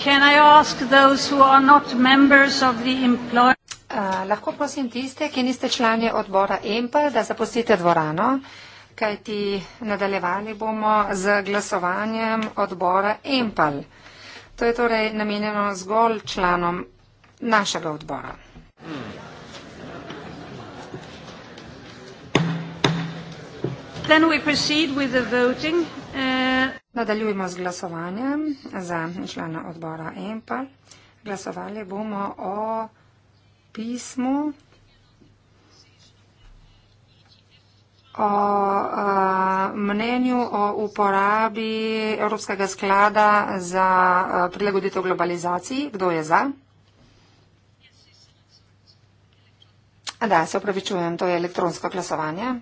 Can I ask those who are not members of the employ uh, lahko prosim tiste, ki niste člani odbora EMPL, da zapustite dvorano, kajti nadaljevali bomo z glasovanjem odbora EMPL. To je torej namenjeno zgolj članom našega odbora. Then we proceed with the voting. Uh, Nadaljujemo z glasovanjem za člana odbora EMPA. Glasovali bomo o pismu o a, mnenju o uporabi Evropskega sklada za a, prilagoditev globalizaciji. Kdo je za? Da, se opravičujem, to je elektronsko glasovanje.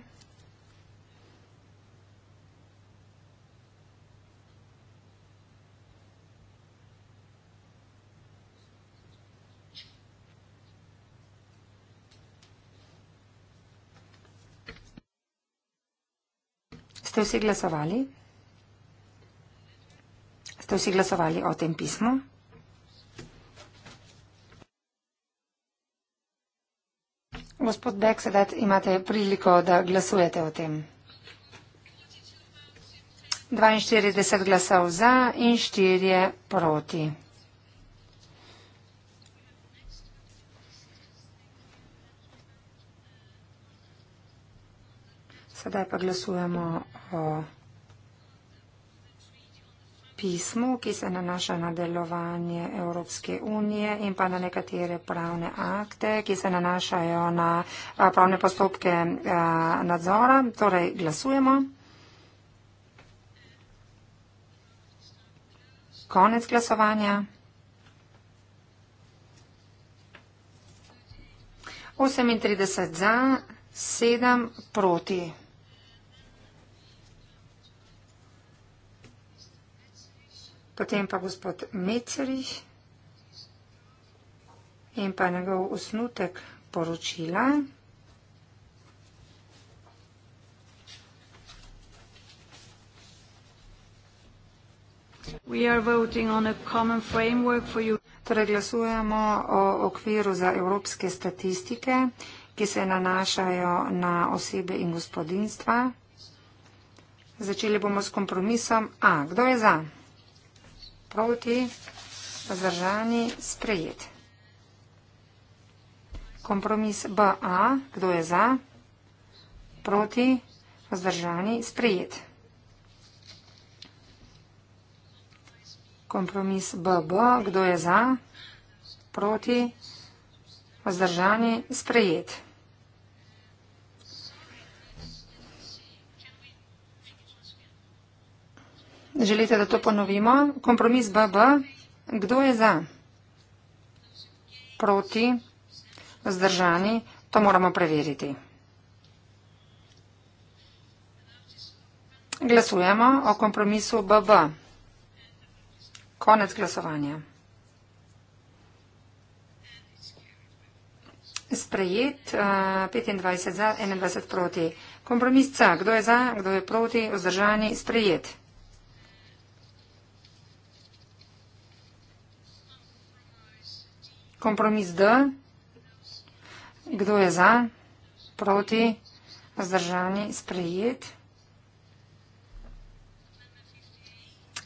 Ste vsi glasovali? Ste vsi glasovali o tem pismu? Gospod Beck, sedaj imate priliko, da glasujete o tem. 42 glasov za in 4 proti. Sedaj pa glasujemo o pismu, ki se nanaša na delovanje Evropske unije in pa na nekatere pravne akte, ki se nanašajo na pravne postopke nadzora. Torej, glasujemo. Konec glasovanja. 38 za, 7 proti. Potem pa gospod Mecerih in pa njegov osnutek poročila. Torej glasujemo o okviru za evropske statistike, ki se nanašajo na osebe in gospodinstva. Začeli bomo s kompromisom. A, kdo je za? proti, zdržani, sprejet. Kompromis BA, kdo je za, proti, zdržani, sprejet. Kompromis BB, kdo je za, proti, zdržani, sprejet. Kompromis BB, kdo je za, proti, zdržani, sprejet. Želite, da to ponovimo? Kompromis BB. Kdo je za? Proti? Zdržani? To moramo preveriti. Glasujemo o kompromisu BB. Konec glasovanja. Sprejet 25 eh, za, 21 proti. Kompromis C. Kdo je za, kdo je proti, vzdržani, sprejet. Kompromis D. Kdo je za? Proti? Zdržani? Sprejet?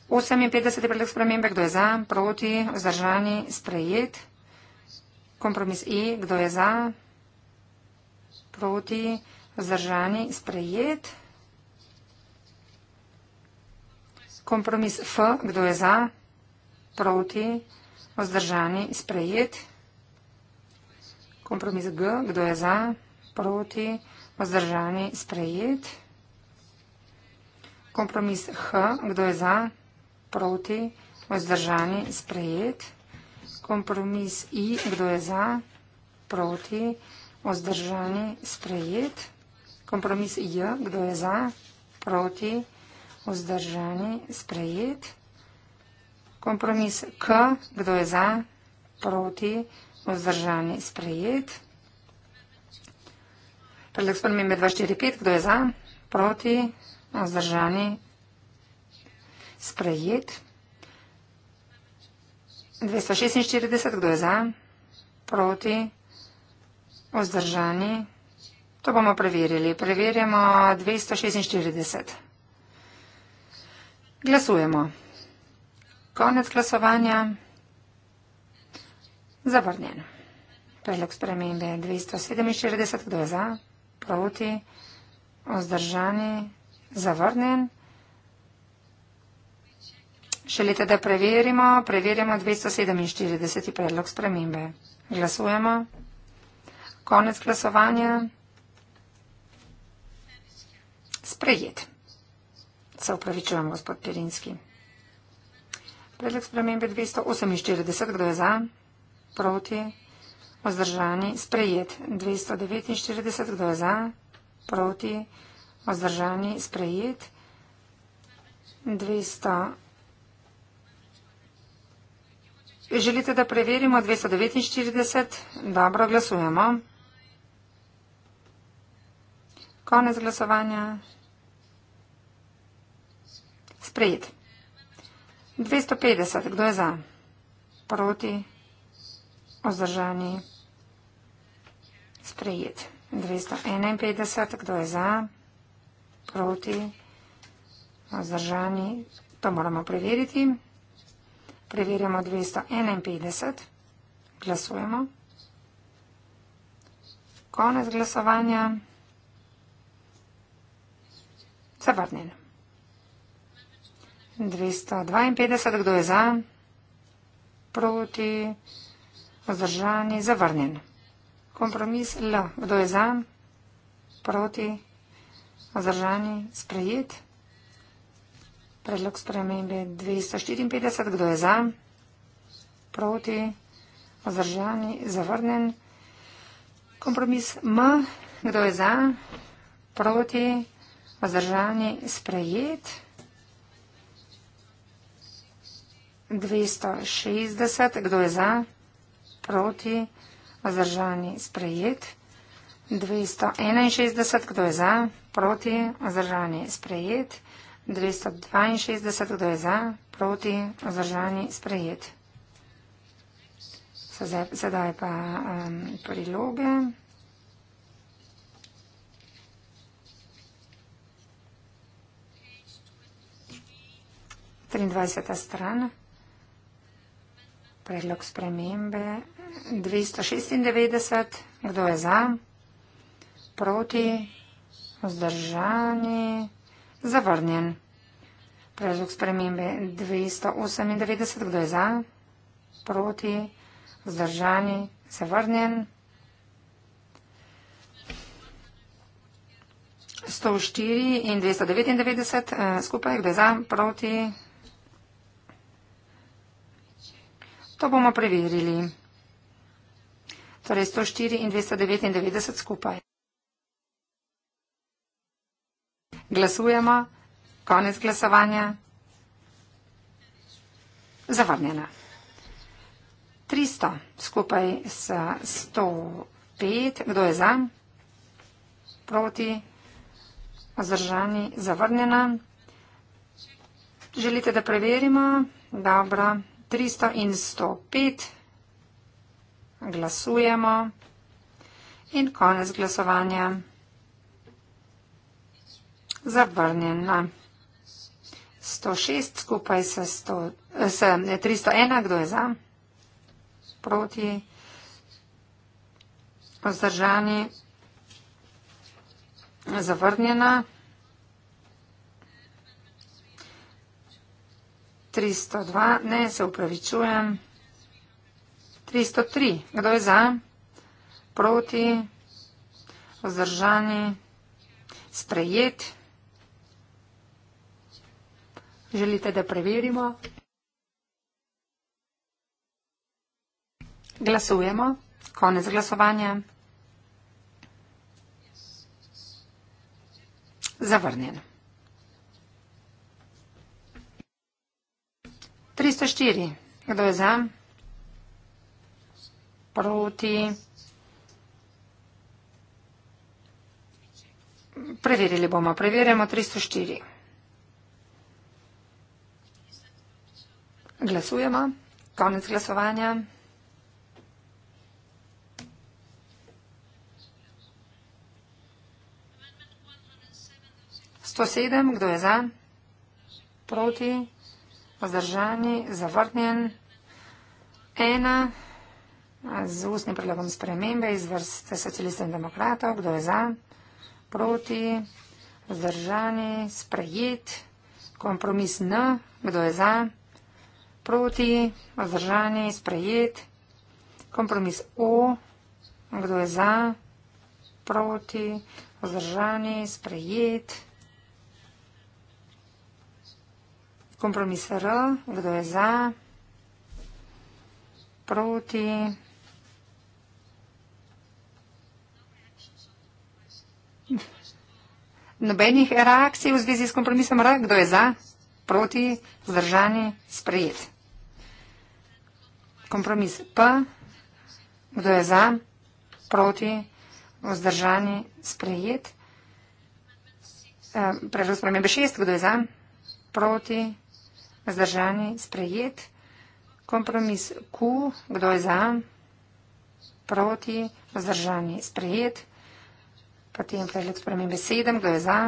58. predlog spremembe. Kdo je za? Proti? Zdržani? Sprejet? Kompromis E. Kdo je za? Proti? Zdržani? Sprejet? Kompromis F. Kdo je za? Proti? Vzdržani sprejet. Kompromis G, kdo je za, proti, vzdržani, sprejet. Kompromis H, kdo je za, proti, vzdržani, sprejet. Kompromis I, kdo je za, proti, vzdržani, sprejet. Kompromis J, kdo je za, proti, vzdržani, sprejet. Kompromis K, kdo je za, proti, vzdržani, sprejet vzdržani sprejet. Predlog spremembe 245, kdo je za, proti, vzdržani sprejet. 246, kdo je za, proti, vzdržani. To bomo preverili. Preverjamo 246. Glasujemo. Konec glasovanja. Zavrnjen. Predlog spremembe 247. Kdo je za? Proti? Ozdržani? Zavrnjen. Želite, da preverimo? Preverjamo 247. predlog spremembe. Glasujemo. Konec glasovanja. Sprejet. Se upravičujem, gospod Pirinski. Predlog spremembe 248. Kdo je za? proti, vzdržani, sprejet 249, kdo je za, proti, vzdržani, sprejet 200. Želite, da preverimo 249? Dobro, glasujemo. Konec glasovanja. Sprejet. 250, kdo je za? Proti vzdržani sprejet. 251, kdo je za, proti, vzdržani, to moramo preveriti. Preverjamo 251, glasujemo. Konec glasovanja. Zavrnjen. 252, kdo je za, proti, vzdržani sprejet vzdržani, zavrnjen. Kompromis L. Kdo je za, proti, vzdržani, sprejet. Predlog spremembe 254. Kdo je za, proti, vzdržani, zavrnjen. Kompromis M. Kdo je za, proti, vzdržani, sprejet. 260. Kdo je za? proti, vzdržani sprejet. 261, kdo je za, proti, vzdržani sprejet. 262, kdo je za, proti, vzdržani sprejet. Sedaj pa um, priloge. Trindvajseta strana predlog spremembe 296. Kdo je za? Proti? Vzdržani? Zavrnjen. Predlog spremembe 298. Kdo je za? Proti? Vzdržani? Zavrnjen. 104 in 299 eh, skupaj, kdo je za, proti, To bomo preverili. Torej 104 in 299 skupaj. Glasujemo. Konec glasovanja. Zavrnjena. 300 skupaj s 105. Kdo je za? Proti? Zdržani? Zavrnjena. Želite, da preverimo? Dobro. 300 in 105. Glasujemo. In konec glasovanja. Zavrnjena. 106 skupaj s, 100, s 301, eh, kdo je za? Proti. Ozdržani. Zavrnjena. 302, ne, se upravičujem. 303, kdo je za? Proti? Vzdržani? Sprejet? Želite, da preverimo? Glasujemo. Konec glasovanja. Zavrnjeno. 304. Kdo je za? Proti. Preverili bomo. Preverjamo 304. Glasujemo. Konec glasovanja. Sto sedem, kdo je za? Proti. Vzdržani, zavrnjen. Ena z ustnim predlogom spremembe iz vrste socialistov in demokratov. Kdo je za? Proti. Vzdržani, sprejet. Kompromis N. Kdo je za? Proti. Vzdržani, sprejet. Kompromis O. Kdo je za? Proti. Vzdržani, sprejet. Kompromis R, kdo je za? Proti. Nobenih reakcij v zvezi s kompromisom R, kdo je za? Proti, zdržani, sprejet. Kompromis P, kdo je za? Proti, vzdržani, sprejet. Eh, Prežo spremembe 6, kdo je za? Proti. Zdržani, sprejet. Kompromis Q, kdo je za? Proti, vzdržani, sprejet. Potem predlog spremembe 7, kdo je za?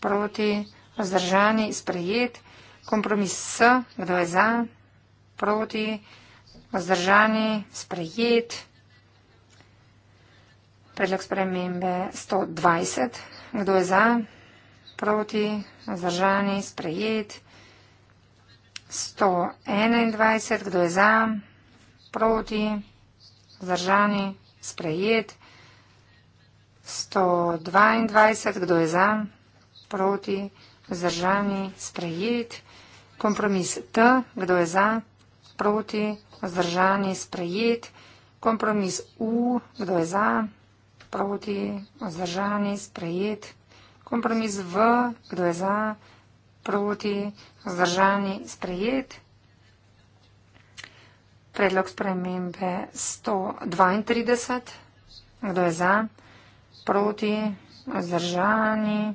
Proti, vzdržani, sprejet. Kompromis S, kdo je za? Proti, vzdržani, sprejet. Predlog spremembe 120, kdo je za? Proti, vzdržani, sprejet. 121, kdo je za, proti, vzdržani, sprejet. 122, kdo je za, proti, vzdržani, sprejet. Kompromis T, kdo je za, proti, vzdržani, sprejet. Kompromis U, kdo je za, proti, vzdržani, sprejet. Kompromis V, kdo je za, proti, vzdržani, sprejet. Predlog spremembe 132. Kdo je za? Proti? Vzdržani?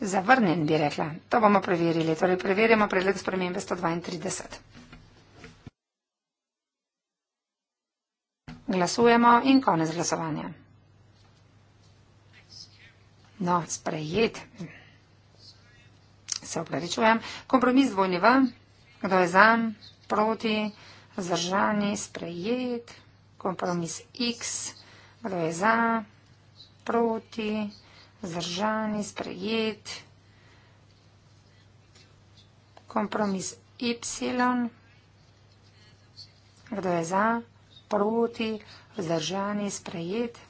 Zavrnjen, bi rekla. To bomo preverili. Torej, preverjamo predlog spremembe 132. Glasujemo in konec glasovanja. No, sprejet se upravičujem. Kompromis dvojni v, kdo je za, proti, zdržani, sprejet. Kompromis x, kdo je za, proti, zdržani, sprejet. Kompromis y, kdo je za, proti, zdržani, sprejet.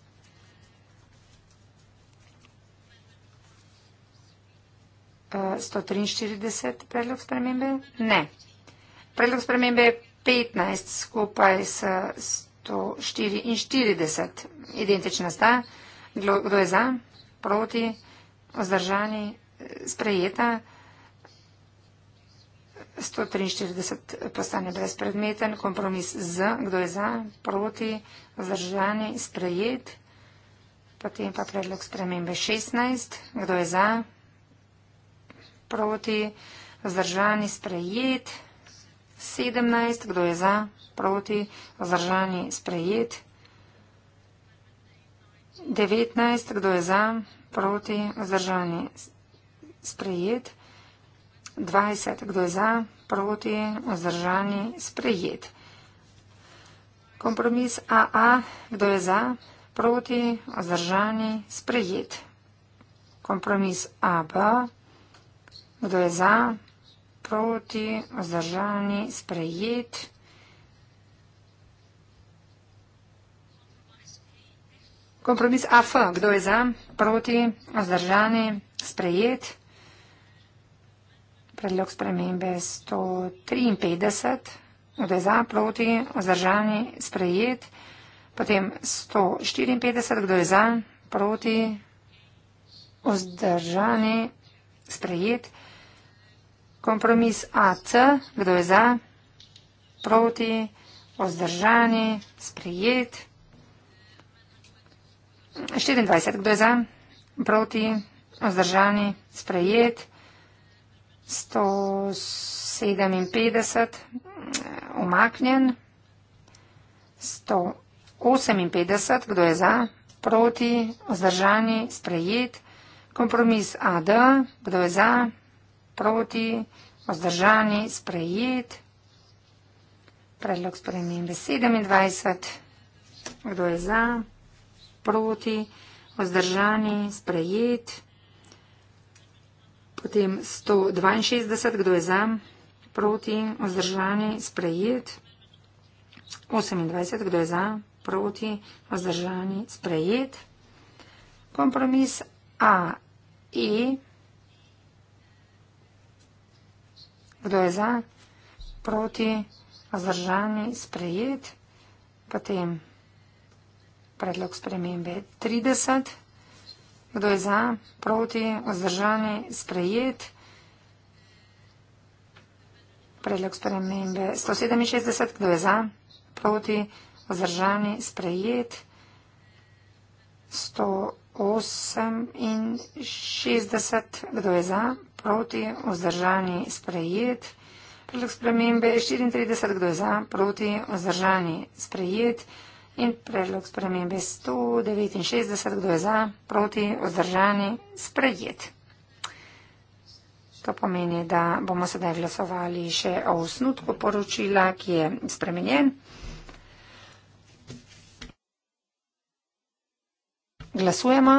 143 predlog spremembe? Ne. Predlog spremembe 15 skupaj s 144 identična sta. Kdo je za, proti, vzdržani, sprejeta? 143 postane brezpredmeten, kompromis z, kdo je za, proti, vzdržani, sprejet, potem pa predlog spremembe 16, kdo je za, proti, vzdržani sprejet, 17, kdo je za, proti, vzdržani sprejet, 19, kdo je za, proti, vzdržani sprejet, 20, kdo je za, proti, vzdržani sprejet. Kompromis AA, kdo je za, proti, vzdržani sprejet. Kompromis AB, kdo je za, proti, vzdržani sprejet. Kdo je za? Proti? Vzdržani? Sprejet? Kompromis AF. Kdo je za? Proti? Vzdržani? Sprejet? Predlog spremembe 153. Kdo je za? Proti? Vzdržani? Sprejet? Potem 154. Kdo je za? Proti? Vzdržani? Sprejet? Kompromis AC, kdo je za? Proti, vzdržani, sprijet. 24, kdo je za? Proti, vzdržani, sprijet. 157, umaknjen. 158, kdo je za? Proti, vzdržani, sprijet. Kompromis AD, kdo je za? Proti, vzdržani, sprijet proti, vzdržani, sprejet. Predlog spremembe 27. Kdo je za, proti, vzdržani, sprejet. Potem 162, kdo je za, proti, vzdržani, sprejet. 28, kdo je za, proti, vzdržani, sprejet. Kompromis A, E, Kdo je za, proti, vzdržani, sprejet. Potem predlog spremembe 30. Kdo je za, proti, vzdržani, sprejet. Predlog spremembe 167. Kdo je za, proti, vzdržani, sprejet. 168. Kdo je za, proti, vzdržani sprejet. Predlog spremembe je 34, kdo je za, proti, vzdržani sprejet. In predlog spremembe je 169, kdo je za, proti, vzdržani sprejet. To pomeni, da bomo sedaj glasovali še o osnutku poročila, ki je spremenjen. Glasujemo.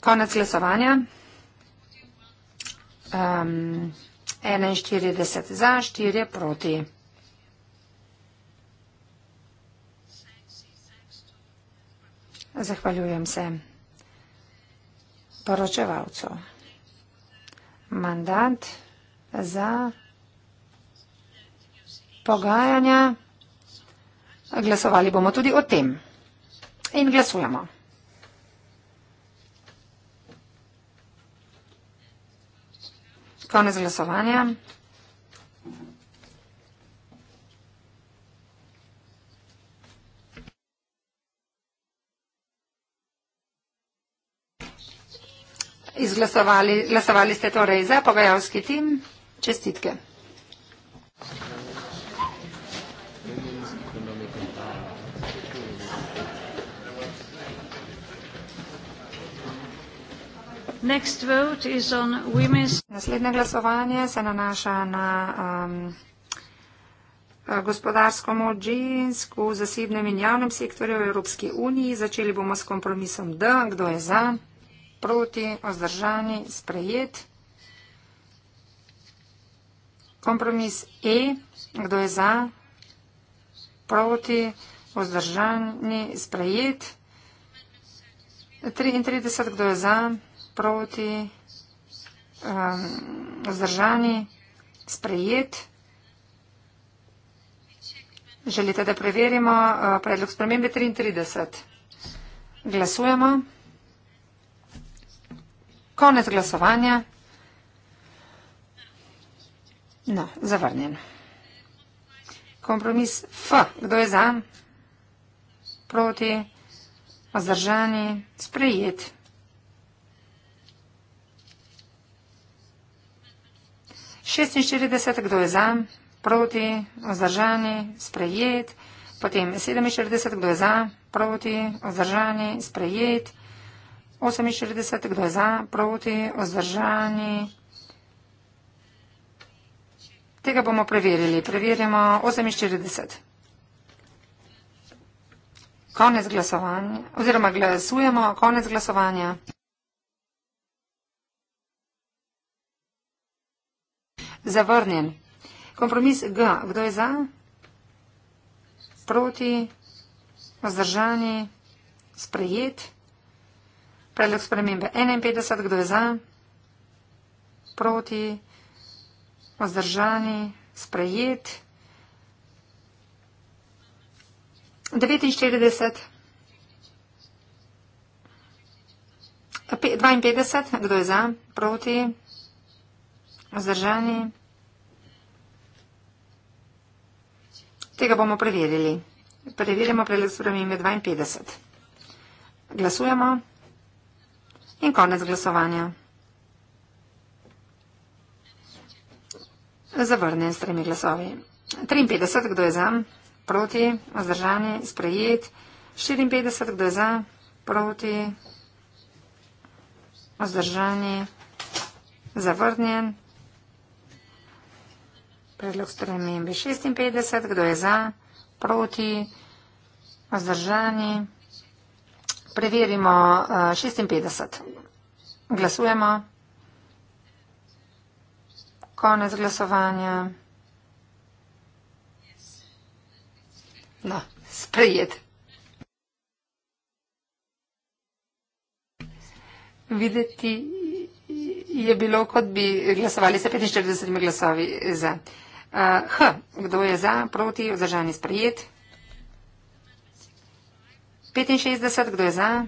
Konec glasovanja. Um, 41 za, 4 proti. Zahvaljujem se poročevalcu. Mandat za pogajanja. Glasovali bomo tudi o tem. In glasujemo. Konec glasovanja. Izglasovali, glasovali ste torej za pogajalski tim. Čestitke. Naslednje glasovanje se nanaša na um, eh, gospodarsko moč žensk v zasebnem in javnem sektorju v Evropski uniji. Začeli bomo s kompromisom D. Kdo je za? Proti? Ozdržani? Sprejet? Kompromis E. Kdo je za? Proti? Ozdržani? Sprejet? 33. Kdo je za? Proti? proti, um, zdržani, sprejet. Želite, da preverimo uh, predlog spremembe 33? Glasujemo. Konec glasovanja. No, zavrnjen. Kompromis F. Kdo je za? Proti? Ozdržani? Sprejet? 46, kdo je za, proti, vzdržani, sprejet. Potem 47, kdo je za, proti, vzdržani, sprejet. 48, kdo je za, proti, vzdržani. Tega bomo preverili. Preverimo 48. Konec glasovanja, oziroma glasujemo, konec glasovanja. zavrnjen. Kompromis G. Kdo je za? Proti? Vzdržani? Sprejet? Predlog spremembe 51. Kdo je za? Proti? Vzdržani? Sprejet? 49. 52. Kdo je za? Proti? Vzdržani? Tega bomo preverili. Preverimo preglasurami ime 52. Glasujemo in konec glasovanja. Zavrnem s tremi glasovi. 53, kdo je za? Proti, vzdržani, sprejet. 54, kdo je za? Proti, vzdržani, zavrnjen. Predlog spremembe 56. Kdo je za? Proti? Vzdržani? Preverimo 56. Eh, Glasujemo. Konec glasovanja. No, sprejet. Videti je bilo, kot bi glasovali s 45 glasovi za. H. Kdo je za, proti, vzdržani sprejet? 65. Kdo je za,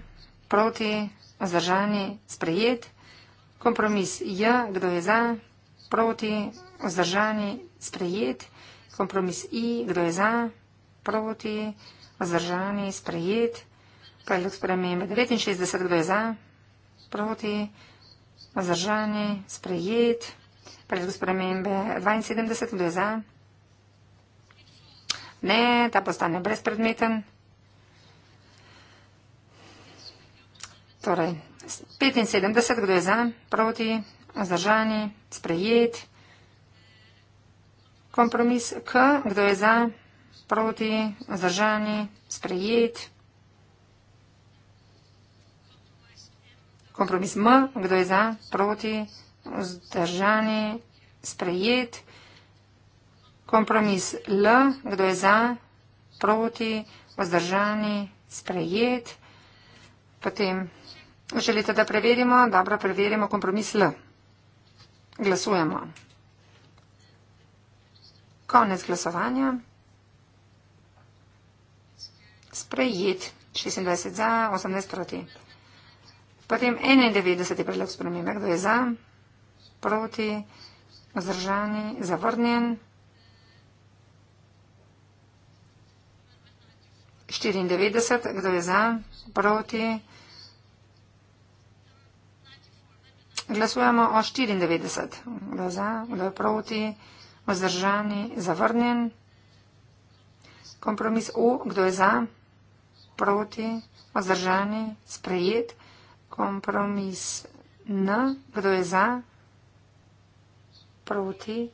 proti, vzdržani sprejet? Kompromis J. Kdo je za, proti, vzdržani sprejet? Kompromis I. Kdo je za, proti, vzdržani sprejet? Predlog spremembe 69. Kdo je za, proti, vzdržani sprejet? Predlog spremembe 72 bude za. Ne, ta postane brezpredmeten. Torej, 75, kdo je za, proti, vzdržani, sprejet. Kompromis K, kdo je za, proti, vzdržani, sprejet. Kompromis M, kdo je za, proti, vzdržani, sprejet. Kompromis L, kdo je za, proti, vzdržani, sprejet. Potem želite, da preverimo? Dobro, preverimo kompromis L. Glasujemo. Konec glasovanja. Sprejet. 26 za, 18 proti. Potem 91 je predlog spremembe. Kdo je za? proti, vzdržani, zavrnjen. 94, kdo je za, proti, glasujemo o 94, kdo je za, kdo je proti, vzdržani, zavrnjen. Kompromis U, kdo je za, proti, vzdržani, sprejet. Kompromis N, kdo je za, sproti.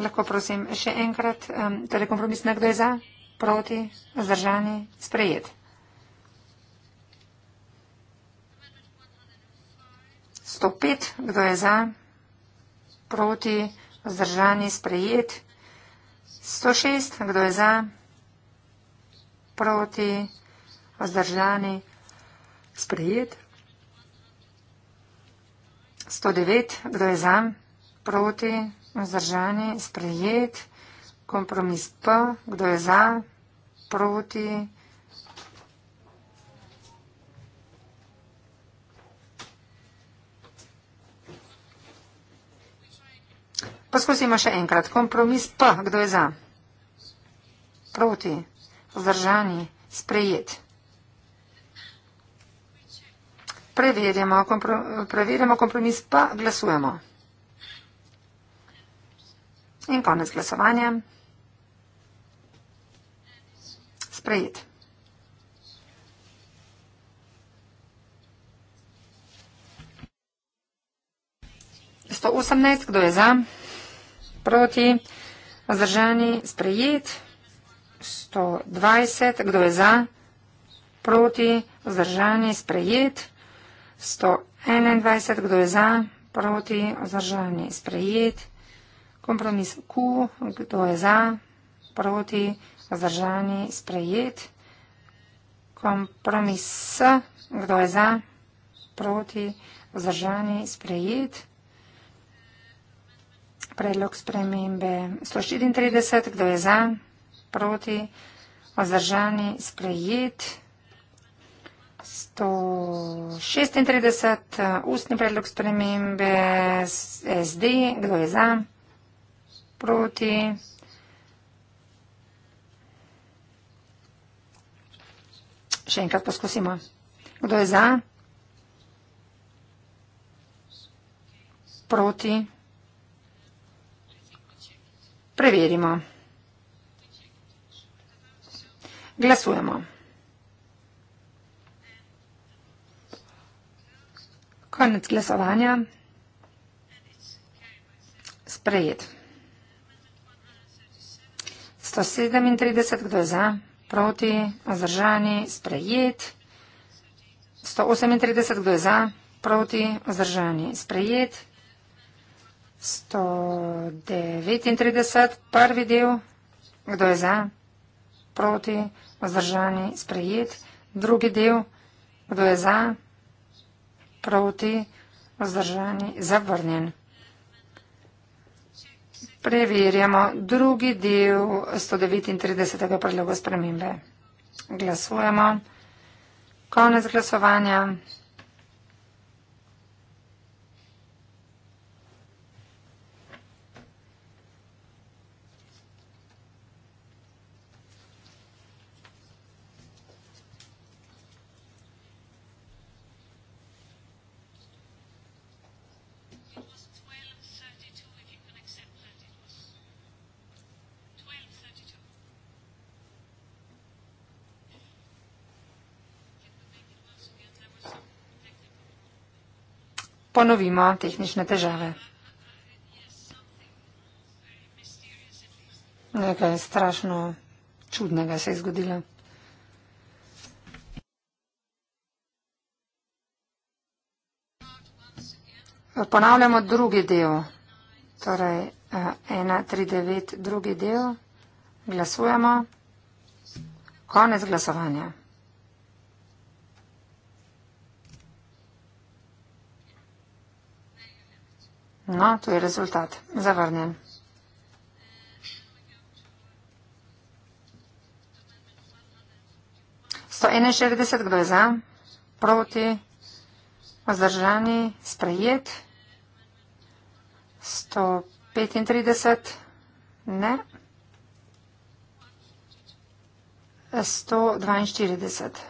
Lahko prosim še enkrat, um, torej kompromis na kdo je za, proti, zdržani, sprejet. 105, kdo je za, proti, zdržani, sprejet. 106, kdo je za, proti, zdržani, sprejet. 109, kdo je za, proti, vzdržani, sprejet, kompromis P, kdo je za, proti, Poskusimo še enkrat. Kompromis P. Kdo je za? Proti. Vzdržani. Sprejet. preverjamo, komprom, preverjamo kompromis, pa glasujemo. In konec glasovanja. Sprejet. Sto osemnajst, kdo je za, proti, zdržani, sprejet. Sto dvajset, kdo je za, proti, zdržani, sprejet. 121, kdo je za, proti, vzdržan je sprejet. Kompromis Q, kdo je za, proti, vzdržan je sprejet. Kompromis S, kdo je za, proti, vzdržan je sprejet. Predlog spremembe 134, kdo je za, proti, vzdržan je sprejet. 136, eh, ustni predlog spremembe SD, kdo je za, proti. Še enkrat poskusimo. Kdo je za? Proti? Preverimo. Glasujemo. Konec glasovanja. Sprejet. 137, kdo je za, proti, vzdržani, sprejet. 138, kdo je za, proti, vzdržani, sprejet. 139, prvi del, kdo je za, proti, vzdržani, sprejet. Drugi del, kdo je za, Proti vzdržani zavrnjen. Preverjamo drugi del 139. predloga spremembe. Glasujemo. Konec glasovanja. ponovimo tehnične težave. Nekaj strašno čudnega se je zgodilo. Ponavljamo drugi del, torej 1.3.9. Eh, drugi del. Glasujemo. Konec glasovanja. No, tu je rezultat. Zavrnjen. Sto enajšestdeset, kdo je za? Proti? Vzdržani? Sprejet? Sto petintrideset? Ne. Sto dvainštirideset.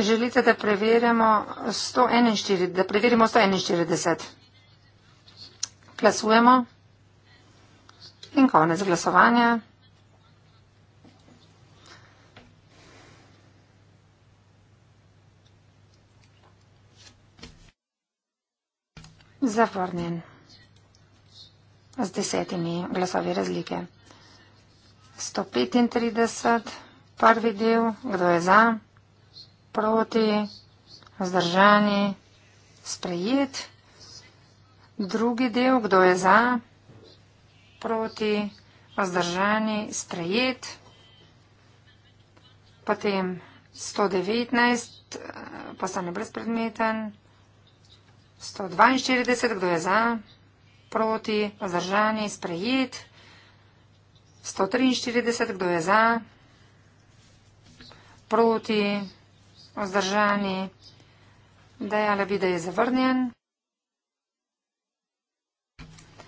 Želite, da preverimo 141, da preverimo 141. Glasujemo. In konec glasovanja. Zavrnjen. Z desetimi glasovi razlike. 135, prvi del, kdo je za? proti, vzdržani, sprejet. Drugi del, kdo je za, proti, vzdržani, sprejet. Potem 119, eh, postane brezpredmeten. 142, kdo je za, proti, vzdržani, sprejet. 143, kdo je za, proti, vzdržani, sprejet. Vzdržani. Dejala bi, da je zavrnjen.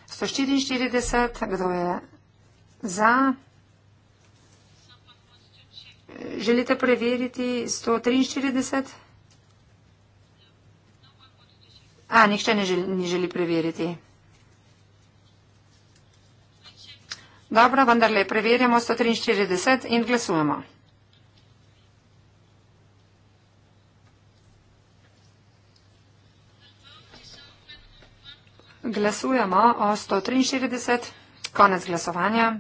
144, kdo je za? Želite preveriti 143? A, nihče ne želi, ni želi preveriti. Dobro, vendar le preverjamo 143 in glasujemo. Glasujemo o 143. Konec glasovanja.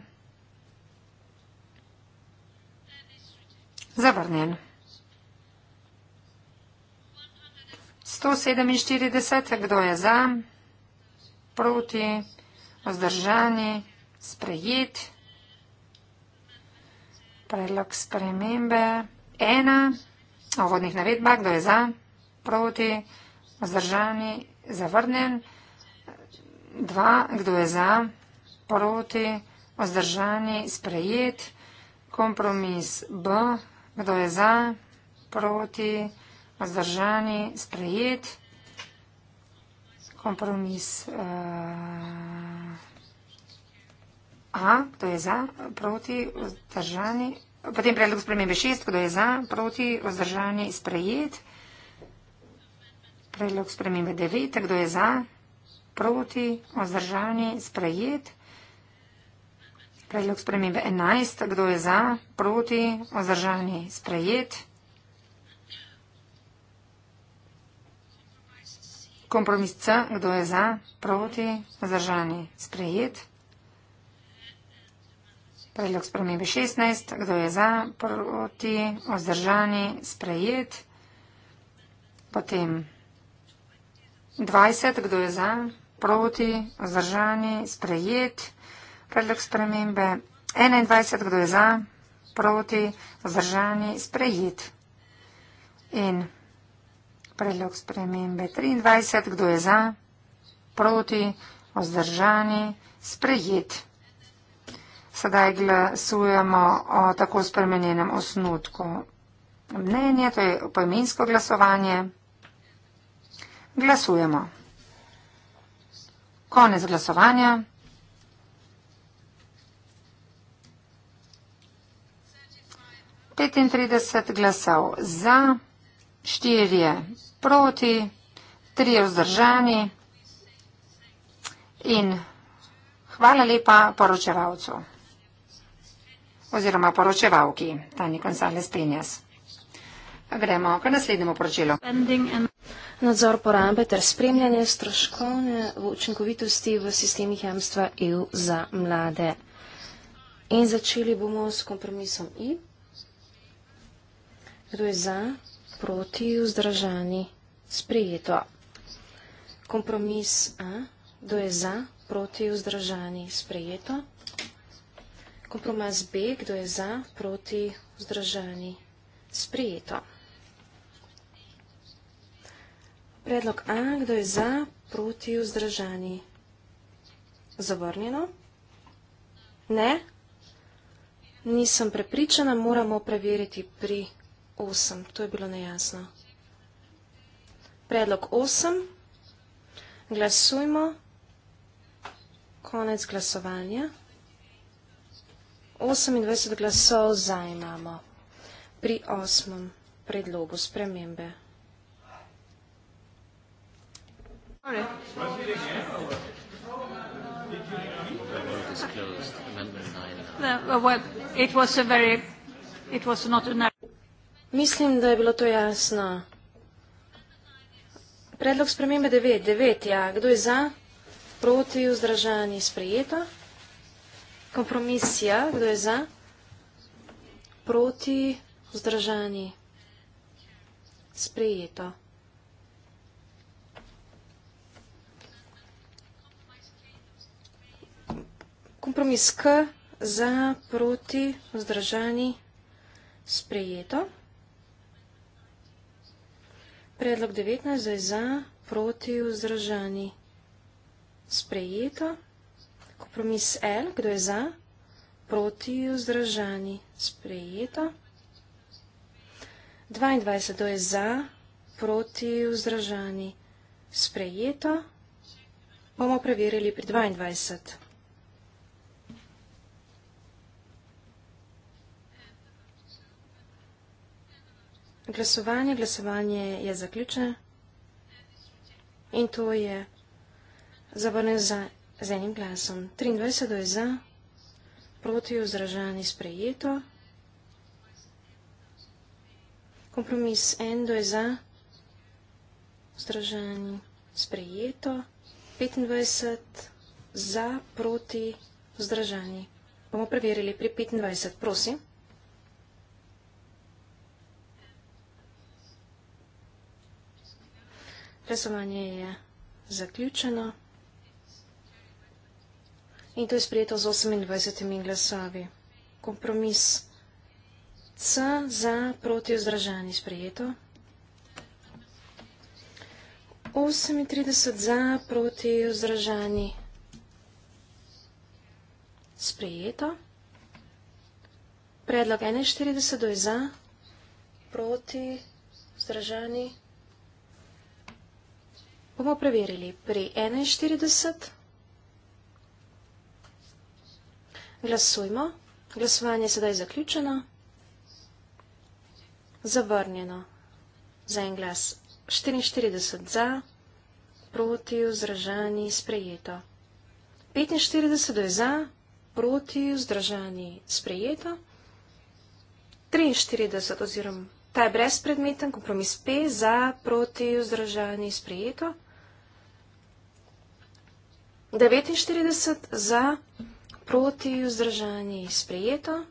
Zavrnjen. 147. Kdo je za? Proti? Vzdržani? Sprejet? Predlog spremembe. Ena. O vodnih navedbah. Kdo je za? Proti? Vzdržani? Zavrnjen? dva, kdo je za, proti, vzdržani, sprejet, kompromis B, kdo je za, proti, vzdržani, sprejet, kompromis uh, A, kdo je za, proti, vzdržani, potem predlog spremembe šest, kdo je za, proti, vzdržani, sprejet, predlog spremembe devet, kdo je za, proti, vzdržani, sprejet. Predlog spremembe 11. Kdo je za, proti, vzdržani, sprejet. Kompromis C. Kdo je za, proti, vzdržani, sprejet. Predlog spremembe 16. Kdo je za, proti, vzdržani, sprejet. Potem 20. Kdo je za, proti, vzdržani, sprejet predlog spremembe. 21, kdo je za, proti, vzdržani, sprejet. In predlog spremembe 23, kdo je za, proti, vzdržani, sprejet. Sedaj glasujemo o tako spremenjenem osnutku mnenja, to je poimensko glasovanje. Glasujemo. Konec glasovanja. Petintrideset glasov za, štirje proti, tri vzdržani in hvala lepa poročevalcu oziroma poročevalki Tani Gonzales Penjas. Gremo k naslednjemu poročilu. Nadzor porabe ter spremljanje stroškovne učinkovitosti v sistemih jamstva EU za mlade. In začeli bomo s kompromisom I. Kdo je za, proti, vzdržani, sprejeto. Kompromis A. Kdo je za, proti, vzdržani, sprejeto. Kompromis B. Kdo je za, proti, vzdržani, sprejeto. Predlog A, kdo je za, proti, vzdržani? Zavrnjeno? Ne? Nisem prepričana, moramo preveriti pri 8. To je bilo nejasno. Predlog 8. Glasujmo. Konec glasovanja. 28 glasov za imamo pri 8. predlogu spremembe. No, Mislim, da je bilo to jasno. Predlog spremembe 9. 9. Ja, kdo je za? Proti vzdržanje sprejeto. Kompromisija, kdo je za? Proti vzdržanje sprejeto. kompromis K za proti vzdržani sprejeto. Predlog 19 je za proti vzdržani sprejeto. Kompromis L, kdo je za proti vzdržani sprejeto. 22 je za proti vzdržani sprejeto. Bomo preverili pri 22. Glasovanje, glasovanje je zaključeno in to je zavrnen za, z enim glasom. 23 je za, proti vzražanje sprejeto. Kompromis en do je za, vzražanje sprejeto. 25 za, proti vzražanje. Bomo preverili pri 25, prosim. Glasovanje je zaključeno in to je sprejeto z 28 glasovi. Kompromis C za proti vzdržanje sprejeto. 38 za proti vzdržanje sprejeto. Predlog 41 je za proti vzdržanje sprejeto bomo preverili pri 41. Glasujmo. Glasovanje je sedaj zaključeno. Zavrnjeno. Za en glas 44 za, proti vzdržani sprejeto. 45 je za, proti vzdržani sprejeto. 43 oziroma ta je brezpredmeten kompromis P, za, proti vzdržani sprejeto. 49 za, proti vzdržanje sprejeto.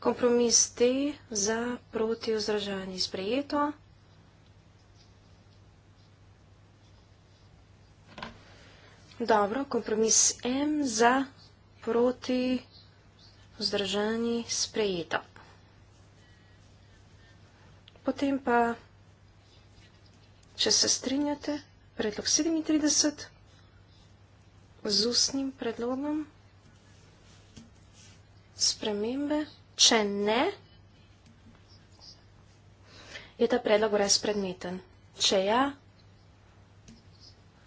Kompromis T za, proti vzdržanje sprejeto. Dobro, kompromis M za, proti vzdržanje sprejeto. Potem pa, če se strinjate, predlog 37 z ustnim predlogom spremembe? Če ne, je ta predlog res predmeten. Če ja,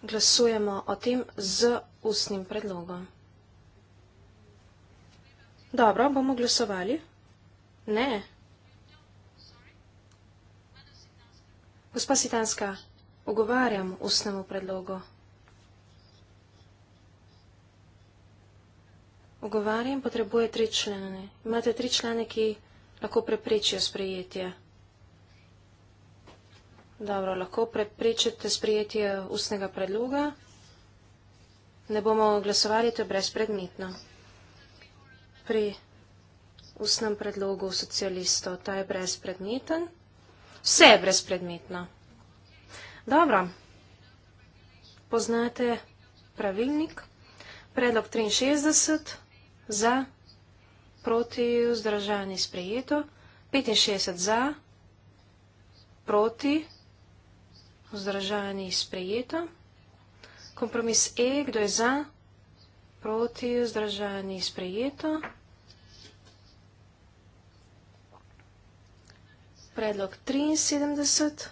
glasujemo o tem z ustnim predlogom. Dobro, bomo glasovali? Ne. Gospa Sitanska, ogovarjam ustnemu predlogu. Ogovarjam potrebuje tri člene. Imate tri člene, ki lahko preprečijo sprejetje. Dobro, lahko preprečite sprejetje ustnega predloga. Ne bomo glasovali, to je brezpredmetno. Pri ustnem predlogu socialistov, ta je brezpredmeten. Vse je brezpredmetno. Dobro, poznate pravilnik, predlog 63 za, proti, vzdržani, sprejeto, 65 za, proti, vzdržani, sprejeto, kompromis E, kdo je za, proti, vzdržani, sprejeto, predlog 73,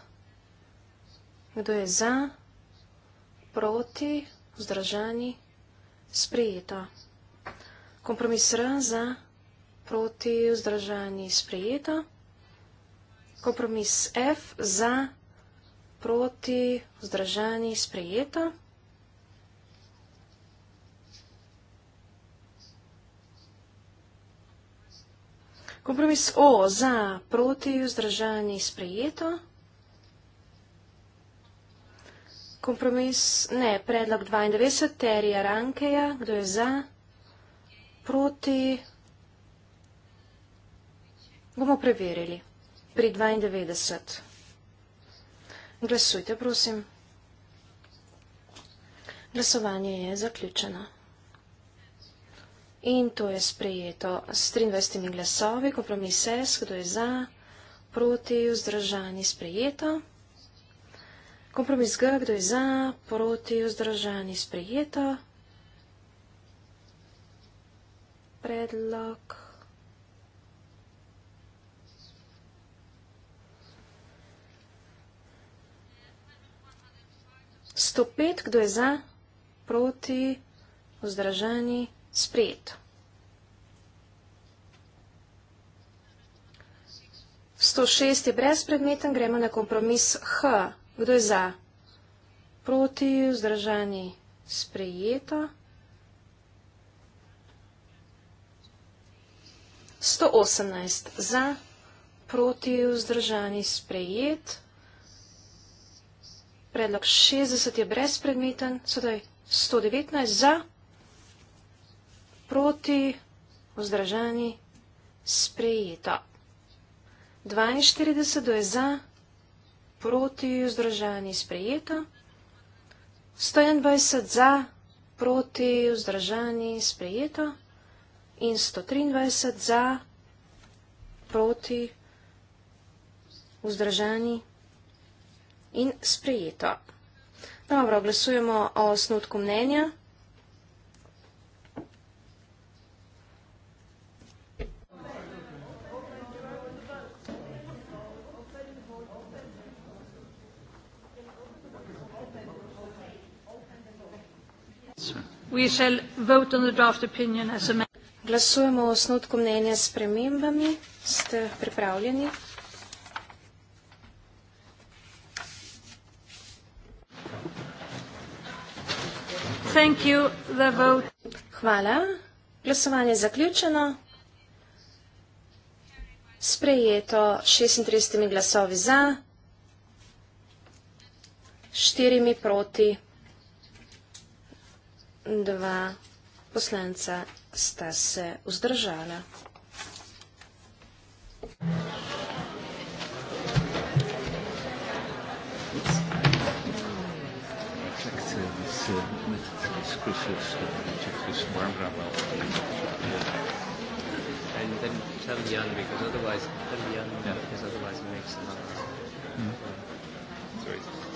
kdo je za, proti, vzdržani, sprejeto. Kompromis raza proti vzdržani sprejeta. Kompromis F za proti vzdržani sprejeta. Kompromis O za proti vzdržani sprejeta. Kompromis, ne, predlog 92, Terija Rankeja, kdo je za? proti. Bomo preverili. Pri 92. Glasujte, prosim. Glasovanje je zaključeno. In to je sprejeto s 23 glasovi, kompromis S, kdo je za, proti, vzdržani, sprejeto. Kompromis G, kdo je za, proti, vzdržani, sprejeto. predlog. Sto pet, kdo je za, proti, vzdržani, sprejet. Sto šest je brezpredmeten, gremo na kompromis H. Kdo je za? Proti, vzdržani, sprejeto. 118 za, proti vzdržani sprejet. Predlog 60 je brezpredmeten, sedaj 119 za, proti vzdržani sprejeto. 42 je za, proti vzdržani sprejeto. 121 za, proti vzdržani sprejeto in 123 za, proti, vzdržani in sprejeto. Dobro, glasujemo o osnutku mnenja. We shall vote on the draft opinion as a Glasujemo o osnotku mnenja s premembami. Ste pripravljeni? Thank you, the vote. Hvala. Glasovanje je zaključeno. Sprejeto 36 glasovi za, 4 proti, 2 proti poslanca sta se vzdržala. Because otherwise, because otherwise, it makes a lot of noise. Sorry.